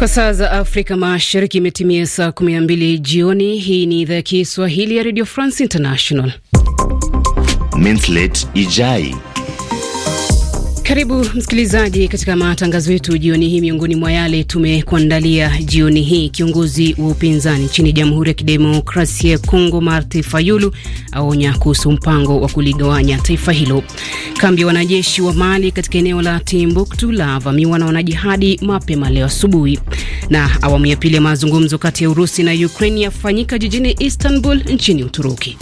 Kwa saa za Afrika Mashariki imetimia saa 12 jioni. Hii ni idhaa ya Kiswahili ya Radio France International. Mintlet Ijai karibu msikilizaji katika matangazo yetu jioni hii. Miongoni mwa yale tumekuandalia jioni hii, kiongozi wa upinzani nchini Jamhuri ya Kidemokrasia ya Kongo Marti Fayulu aonya kuhusu mpango wa kuligawanya taifa hilo. Kambi ya wanajeshi wa Mali katika eneo la Timbuktu lavamiwa na wanajihadi mapema leo asubuhi, na awamu ya pili ya mazungumzo kati ya Urusi na Ukraini yafanyika jijini Istanbul nchini Uturuki.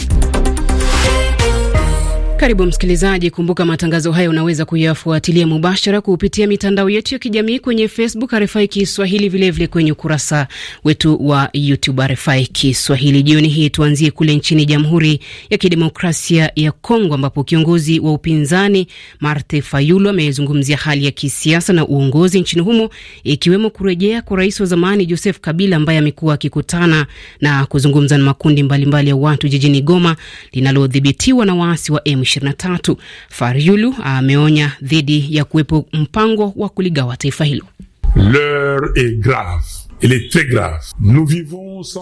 Karibu msikilizaji, kumbuka matangazo haya unaweza kuyafuatilia mubashara kupitia mitandao yetu ya kijamii kwenye Facebook RFI Kiswahili, vilevile kwenye ukurasa wetu wa YouTube RFI Kiswahili. Jioni hii tuanzie kule nchini Jamhuri ya Kidemokrasia ya Kongo, ambapo kiongozi wa upinzani Marthe Fayulu amezungumzia hali ya kisiasa na uongozi nchini humo, ikiwemo kurejea kwa rais wa zamani Joseph Kabila ambaye amekuwa akikutana na kuzungumza na makundi mbalimbali ya watu jijini Goma linalodhibitiwa na waasi wa M 2023. ameonya dhidi ya kuwepo mpango wa kuligawa taifa hilo.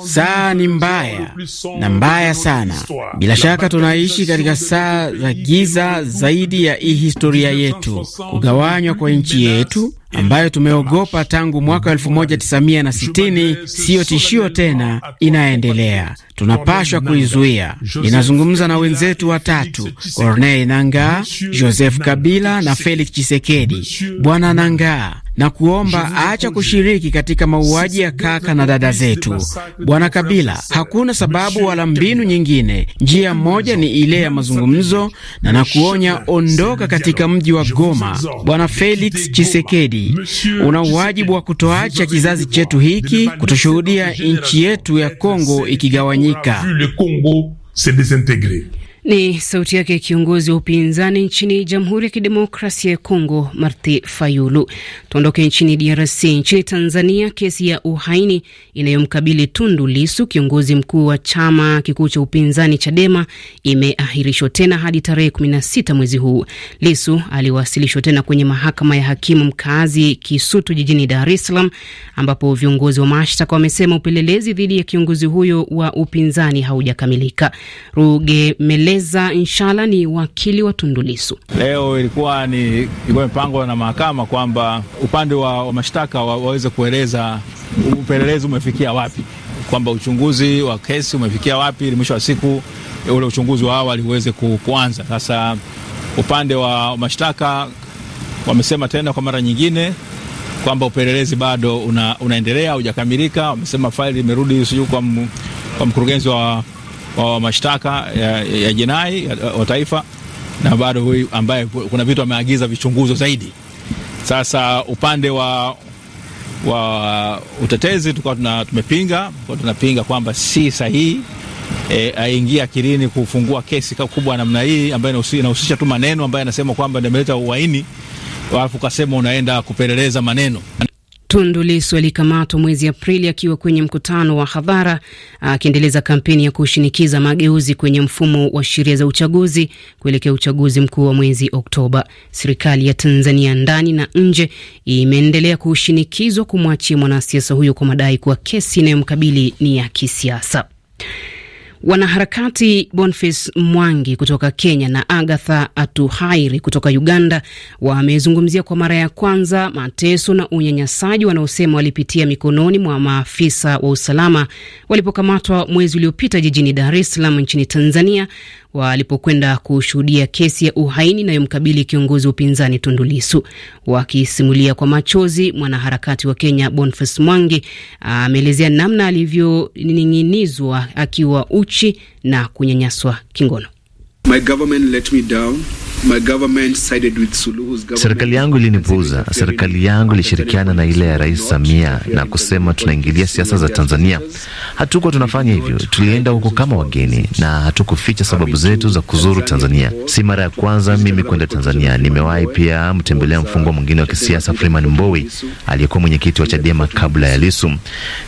Saa ni mbaya na mbaya sana. Bila shaka tunaishi katika saa za giza zaidi ya hii historia yetu. Kugawanywa kwa nchi yetu, ambayo tumeogopa tangu mwaka 1960 siyo tishio tena, inaendelea. Tunapashwa kuizuia. Ninazungumza na wenzetu watatu, Corneille Nangaa, Joseph Kabila na Felix chisekedi Bwana Nangaa, na kuomba aacha kushiriki katika mauaji ya kaka na dada zetu. Bwana Kabila, hakuna sababu wala mbinu nyingine, njia moja ni ile ya mazungumzo, na nakuonya, ondoka katika mji wa Goma. Bwana Felix Chisekedi, una wajibu wa kutoacha kizazi chetu hiki kutoshuhudia nchi yetu ya Kongo ikigawanyika. Ni sauti yake kiongozi wa upinzani nchini Jamhuri ya Kidemokrasia ya Kongo, marti Fayulu. Tuondoke nchini DRC. Nchini Tanzania, kesi ya uhaini inayomkabili Tundu Lisu, kiongozi mkuu wa chama kikuu cha upinzani Chadema, imeahirishwa tena hadi tarehe 16 mwezi huu. Lisu aliwasilishwa tena kwenye mahakama ya hakimu mkazi Kisutu jijini Dar es Salaam, ambapo viongozi wa mashtaka wamesema upelelezi dhidi ya kiongozi huyo wa upinzani haujakamilika. Ruge Mele Eza Inshala ni wakili wa Tundulisu. Leo ilikuwa ni ilikuwa mpango na mahakama kwamba upande wa, wa mashtaka wa, waweze kueleza upelelezi umefikia wapi, kwamba uchunguzi wa kesi umefikia wapi, ili mwisho wa siku ule uchunguzi wa awali uweze kuanza. Sasa upande wa mashtaka wamesema tena kwa mara nyingine kwamba upelelezi bado una, unaendelea haujakamilika. Wamesema faili imerudi sijui kwa, kwa mkurugenzi wa wa mashtaka ya, ya jinai wa taifa na bado huyu ambaye kuna vitu ameagiza vichunguzo zaidi. Sasa upande wa, wa utetezi tukawa tumepinga, tunapinga kwamba si sahihi e, aingia akilini kufungua kesi kubwa namna hii ambayo inahusisha tu maneno ambayo anasema kwamba ndio ameleta uhaini, alafu kasema unaenda kupeleleza maneno. Tundu Lissu alikamatwa mwezi Aprili akiwa kwenye mkutano wa hadhara akiendeleza kampeni ya kushinikiza mageuzi kwenye mfumo wa sheria za uchaguzi kuelekea uchaguzi mkuu wa mwezi Oktoba. Serikali ya Tanzania ndani na nje imeendelea kushinikizwa kumwachia mwanasiasa huyo kwa madai kuwa kesi inayomkabili ni ya kisiasa. Wanaharakati Boniface Mwangi kutoka Kenya na Agatha atuhairi kutoka Uganda wamezungumzia kwa mara ya kwanza mateso na unyanyasaji wanaosema walipitia mikononi mwa maafisa wa usalama walipokamatwa mwezi uliopita jijini Dar es Salaam nchini Tanzania walipokwenda kushuhudia kesi ya uhaini inayomkabili kiongozi wa upinzani Tundu Lissu. Wakisimulia kwa machozi, mwanaharakati wa Kenya Boniface Mwangi ameelezea namna alivyoning'inizwa akiwa uchi na kunyanyaswa kingono. My government let me down. Serikali yangu ilinipuuza. Serikali yangu ilishirikiana na ile ya Rais Samia na kusema tunaingilia siasa za Tanzania. Hatukuwa tunafanya hivyo, tulienda huko kama wageni na hatukuficha sababu zetu za kuzuru Tanzania. Si mara ya kwanza mimi kwenda Tanzania, nimewahi pia mtembelea mfungwa mwingine wa kisiasa Freeman Mbowe aliyekuwa mwenyekiti wa Chadema kabla ya Lisu.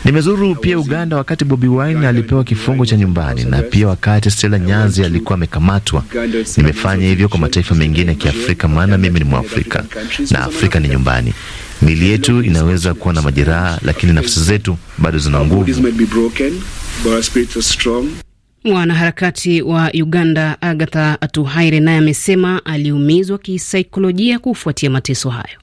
Nimezuru pia Uganda wakati Bobi Wine alipewa kifungo cha nyumbani na pia wakati Stella Nyanzi alikuwa amekamatwa. Nimefanya hivyo kwa mataifa mengine ya Kiafrika, maana mimi ni Mwafrika na Afrika ni nyumbani. Mili yetu inaweza kuwa na majeraha, lakini nafsi zetu bado zina nguvu. Mwanaharakati wa Uganda Agatha Atuhaire naye amesema aliumizwa kisaikolojia kufuatia mateso hayo.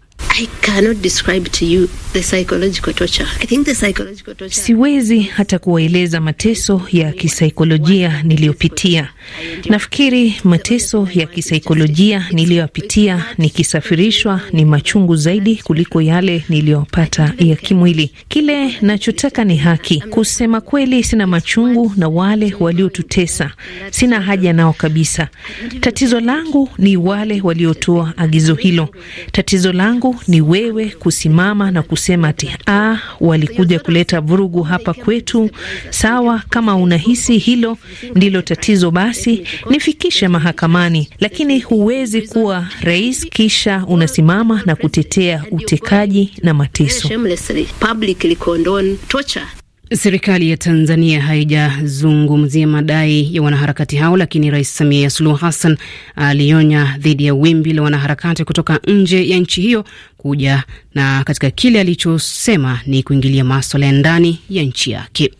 Siwezi hata kuwaeleza mateso ya kisaikolojia niliyopitia. Nafikiri mateso ya kisaikolojia niliyopitia nikisafirishwa ni machungu zaidi kuliko yale niliyopata ya kimwili. Kile nachotaka ni haki. Kusema kweli, sina machungu na wale waliotutesa, sina haja nao kabisa. Tatizo langu ni wale waliotoa agizo hilo. Tatizo langu ni wewe kusimama na kusema ati a ah, walikuja kuleta vurugu hapa kwetu. Sawa, kama unahisi hilo ndilo tatizo, basi nifikishe mahakamani, lakini huwezi kuwa rais kisha unasimama na kutetea utekaji na mateso. Serikali ya Tanzania haijazungumzia madai ya wanaharakati hao, lakini Rais Samia Suluhu Hassan alionya dhidi ya wimbi la wanaharakati kutoka nje ya nchi hiyo kuja na katika kile alichosema ni kuingilia maswala ya ndani ya nchi yake.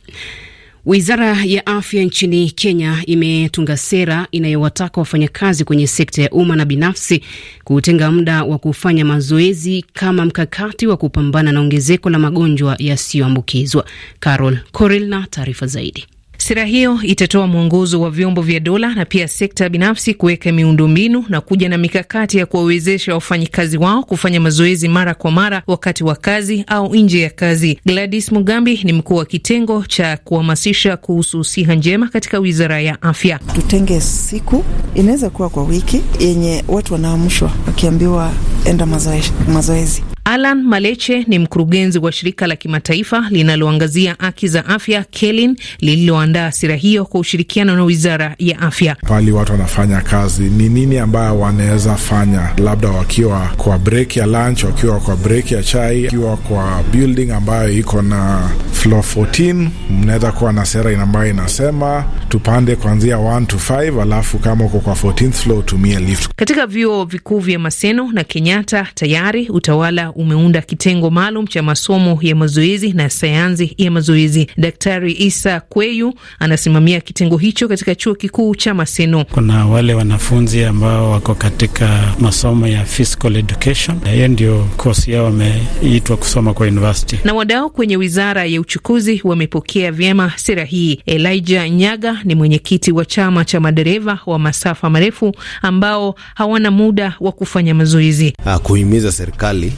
Wizara ya afya nchini Kenya imetunga sera inayowataka wafanyakazi kwenye sekta ya umma na binafsi kutenga muda wa kufanya mazoezi kama mkakati wa kupambana na ongezeko la magonjwa yasiyoambukizwa. Carol corel na taarifa zaidi. Sera hiyo itatoa mwongozo wa vyombo vya dola na pia sekta binafsi kuweka miundombinu na kuja na mikakati ya kuwawezesha wafanyikazi wao kufanya mazoezi mara kwa mara wakati wa kazi au nje ya kazi. Gladys Mugambi ni mkuu wa kitengo cha kuhamasisha kuhusu siha njema katika wizara ya afya. Tutenge siku, inaweza kuwa kwa wiki, yenye watu wanaamshwa wakiambiwa enda mazoezi, mazoezi. Alan Maleche ni mkurugenzi wa shirika la kimataifa linaloangazia haki za afya KELIN lililoandaa sira hiyo kwa ushirikiano na wizara ya afya. Pali watu wanafanya kazi, ni nini ambayo wanaweza fanya, labda wakiwa kwa break ya lunch, wakiwa kwa break ya chai, wakiwa kwa building ambayo iko na floor 14 mnaweza kuwa na sera ambayo inasema tupande kuanzia 1 to 5, alafu kama uko kwa 14th floor utumie lift. Katika vyuo vikuu vya Maseno na Kenyatta tayari utawala umeunda kitengo maalum cha masomo ya mazoezi na sayansi ya mazoezi. Daktari Isa Kweyu anasimamia kitengo hicho katika chuo kikuu cha Maseno. Kuna wale wanafunzi ambao wako katika masomo ya physical education, hiyo ndio kosi yao wameitwa kusoma kwa university. Na wadau kwenye wizara ya uchukuzi wamepokea vyema sera hii. Elijah Nyaga ni mwenyekiti wa chama cha madereva wa masafa marefu ambao hawana muda wa kufanya mazoezi. Ah, kuhimiza serikali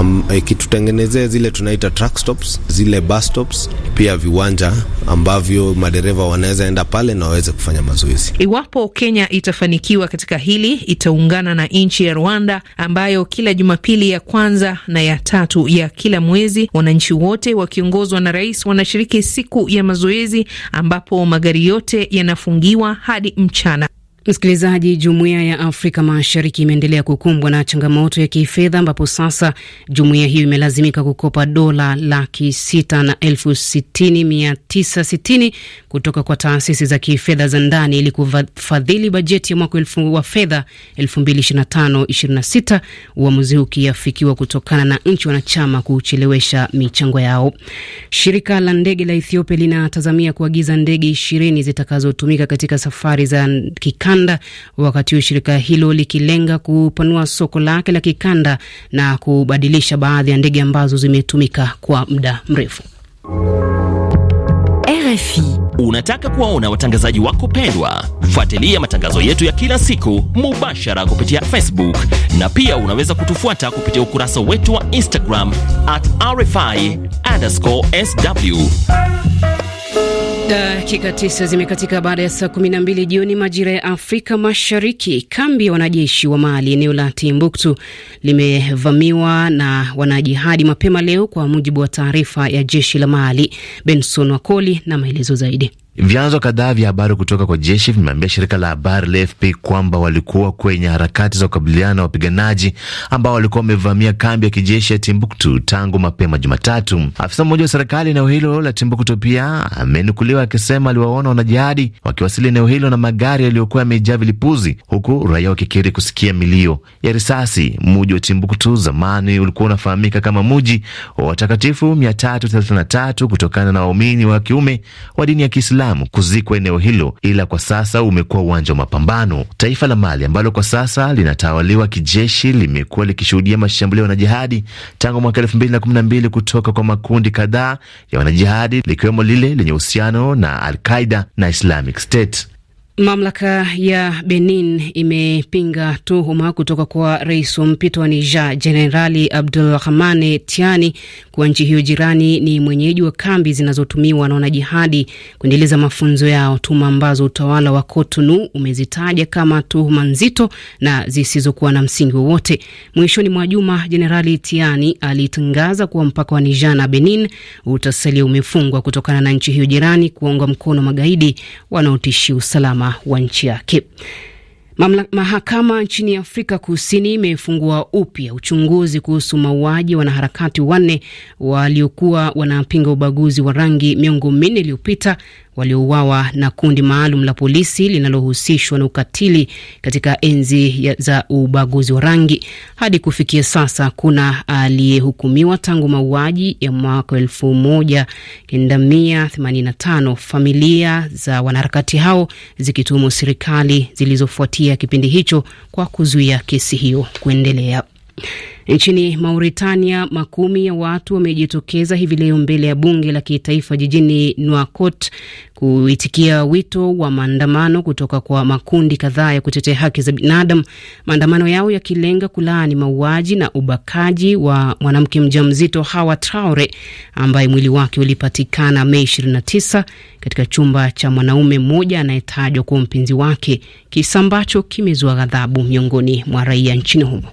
um, ikitutengenezea eh, zile tunaita truck stops, zile bus stops, pia viwanja ambavyo madereva wanaweza enda pale na waweze kufanya mazoezi. Iwapo Kenya itafanikiwa katika hili, itaungana na nchi ya Rwanda ambayo kila Jumapili ya kwanza na ya tatu ya kila mwezi wananchi wote wakiongozwa na rais wanashiriki siku ya mazoezi ambapo magari yote yanafungiwa hadi mchana. Msikilizaji, jumuiya ya Afrika Mashariki imeendelea kukumbwa na changamoto ya kifedha ambapo sasa jumuiya hiyo imelazimika kukopa dola laki sita na elfu sitini mia tisa sitini kutoka kwa taasisi za kifedha za ndani ili kufadhili bajeti ya mwaka elfu wa fedha 2025/26 uamuzi huu ukiafikiwa kutokana na nchi wanachama kuchelewesha michango yao. Shirika la ndege la Ethiopia linatazamia kuagiza ndege ishirini zitakazotumika katika safari za kikanda kikanda, wakati shirika hilo likilenga kupanua soko lake la kikanda na kubadilisha baadhi ya ndege ambazo zimetumika kwa muda mrefu. RFI. Unataka kuwaona watangazaji wako pendwa? Fuatilia matangazo yetu ya kila siku mubashara kupitia Facebook na pia unaweza kutufuata kupitia ukurasa wetu wa Instagram at RFI_SW. Dakika tisa zimekatika baada ya saa kumi na mbili jioni majira ya Afrika Mashariki. Kambi ya wanajeshi wa Mali eneo la Timbuktu limevamiwa na wanajihadi mapema leo, kwa mujibu wa taarifa ya jeshi la Mali. Benson Wakoli na maelezo zaidi. Vyanzo kadhaa vya habari kutoka kwa jeshi vimeambia shirika la habari la AFP kwamba walikuwa kwenye harakati za kukabiliana na wapiganaji ambao walikuwa wamevamia kambi ya kijeshi ya Timbuktu tangu mapema Jumatatu. Afisa mmoja wa serikali eneo hilo la Timbuktu pia amenukuliwa akisema aliwaona wanajihadi wakiwasili eneo hilo na magari yaliyokuwa yamejaa vilipuzi, huku raia wakikiri kusikia milio ya risasi. Muji wa Timbuktu zamani ulikuwa unafahamika kama muji wa watakatifu 333 kutokana na waumini wa kiume wa dini ya Kiislamu Salaam kuzikwa eneo hilo, ila kwa sasa umekuwa uwanja wa mapambano. Taifa la Mali ambalo kwa sasa linatawaliwa kijeshi limekuwa likishuhudia mashambulio ya wanajihadi tangu mwaka elfu mbili na kumi na mbili kutoka kwa makundi kadhaa ya wanajihadi likiwemo lile lenye uhusiano na Al na Islamic State. Mamlaka ya Benin imepinga tuhuma kutoka kwa rais wa mpito wa Niger, Jenerali Abdurahmane Tiani, kuwa nchi hiyo jirani ni mwenyeji wa kambi zinazotumiwa na wanajihadi kuendeleza mafunzo yao, tuhuma ambazo utawala wa Kotonu umezitaja kama tuhuma nzito na zisizokuwa na msingi wowote. Mwishoni mwa juma, Jenerali Tiani alitangaza kuwa mpaka wa Niger na Benin utasalia umefungwa kutokana na nchi hiyo jirani kuwaunga mkono magaidi wanaotishia usalama usalama wa nchi yake. Mahakama nchini Afrika Kusini imefungua upya uchunguzi kuhusu mauaji wanaharakati wanne waliokuwa wanapinga ubaguzi wa rangi miongo minne iliyopita waliouawa na kundi maalum la polisi linalohusishwa na ukatili katika enzi za ubaguzi wa rangi. Hadi kufikia sasa kuna aliyehukumiwa tangu mauaji ya mwaka elfu moja kenda mia themanini na tano, familia za wanaharakati hao zikituhumu serikali zilizofuatia kipindi hicho kwa kuzuia kesi hiyo kuendelea. Nchini Mauritania, makumi ya watu wamejitokeza hivi leo mbele ya bunge la kitaifa jijini Nouakchott kuitikia wito wa maandamano kutoka kwa makundi kadhaa ya kutetea haki za binadamu, maandamano yao yakilenga kulaani mauaji na ubakaji wa mwanamke mjamzito Hawa Traore ambaye mwili wake ulipatikana Mei 29 katika chumba cha mwanaume mmoja anayetajwa kuwa mpenzi wake, kisa ambacho kimezua ghadhabu miongoni mwa raia nchini humo.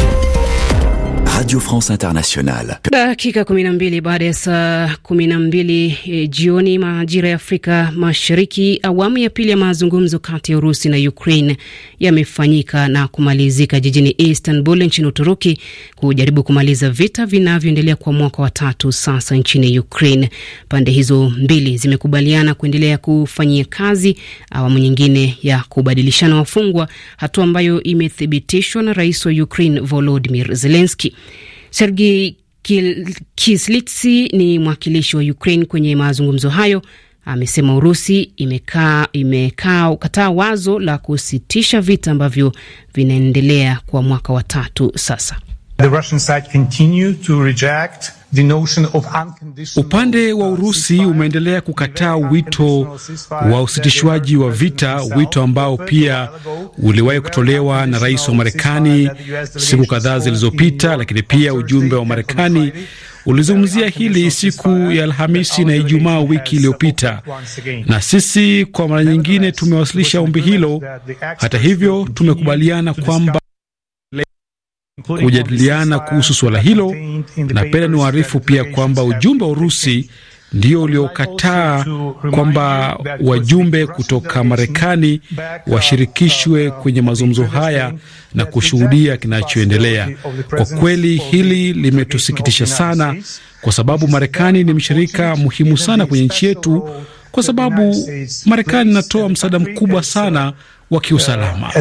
Radio France Internationale. Dakika 12 baada ya saa 12 e, jioni majira ya Afrika Mashariki, awamu ya pili ya mazungumzo kati ya Urusi na Ukraine yamefanyika na kumalizika jijini Istanbul nchini Uturuki kujaribu kumaliza vita vinavyoendelea kwa mwaka wa tatu sasa nchini Ukraine. Pande hizo mbili zimekubaliana kuendelea kufanyia kazi awamu nyingine ya kubadilishana wafungwa, hatua ambayo imethibitishwa na Rais wa Ukraine Volodymyr Zelensky. Sergei Kislitsi ni mwakilishi wa Ukraine kwenye mazungumzo hayo amesema Urusi imekaa imekaa kataa wazo la kusitisha vita ambavyo vinaendelea kwa mwaka wa tatu sasa. The Russian side continue to reject Upande wa uh, Urusi umeendelea kukataa wito wa usitishwaji wa vita, wito ambao pia uliwahi kutolewa na rais wa Marekani siku kadhaa zilizopita. Lakini pia ujumbe wa Marekani ulizungumzia hili siku ya Alhamisi na Ijumaa wiki iliyopita, na sisi kwa mara nyingine tumewasilisha ombi hilo. Hata hivyo, tumekubaliana kwamba kujadiliana kuhusu suala hilo. Napenda waarifu pia kwamba ujumbe wa Urusi ndio uliokataa kwamba wajumbe kutoka Marekani washirikishwe kwenye mazungumzo haya na kushuhudia kinachoendelea. Kwa kweli hili limetusikitisha sana, kwa sababu Marekani ni mshirika muhimu sana kwenye nchi yetu, kwa sababu Marekani inatoa msaada mkubwa sana wa kiusalama.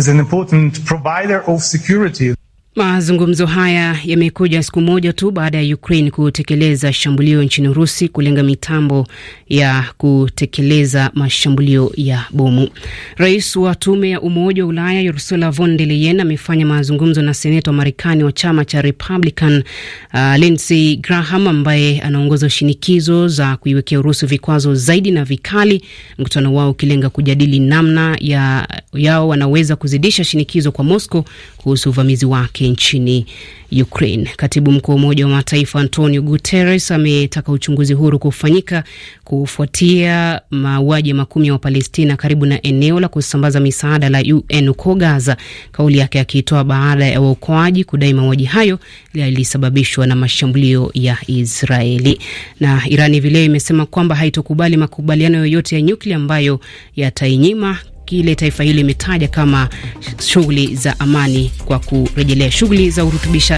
Mazungumzo haya yamekuja siku moja tu baada ya Ukraine kutekeleza shambulio nchini Urusi kulenga mitambo ya kutekeleza mashambulio ya bomu. Rais wa tume ya Umoja wa Ulaya Ursula von der Leyen amefanya mazungumzo na seneta wa Marekani wa chama cha Republican uh, Lindsey Graham ambaye anaongoza shinikizo za kuiwekea Urusi vikwazo zaidi na vikali, mkutano wao ukilenga kujadili namna ya, yao wanaweza kuzidisha shinikizo kwa Moscow kuhusu uvamizi wake yake nchini Ukraine. Katibu mkuu wa Umoja wa Mataifa Antonio Guterres ametaka uchunguzi huru kufanyika kufuatia mauaji makumi ya Wapalestina karibu na eneo la kusambaza misaada la UN huko Gaza, kauli yake akiitoa baada ya waokoaji kudai mauaji hayo yalisababishwa na mashambulio ya Israeli. Na Irani vileo imesema kwamba haitokubali makubaliano yoyote ya nyuklia ambayo yatainyima kile taifa hili imetaja kama shughuli za amani kwa kurejelea shughuli za urutubisha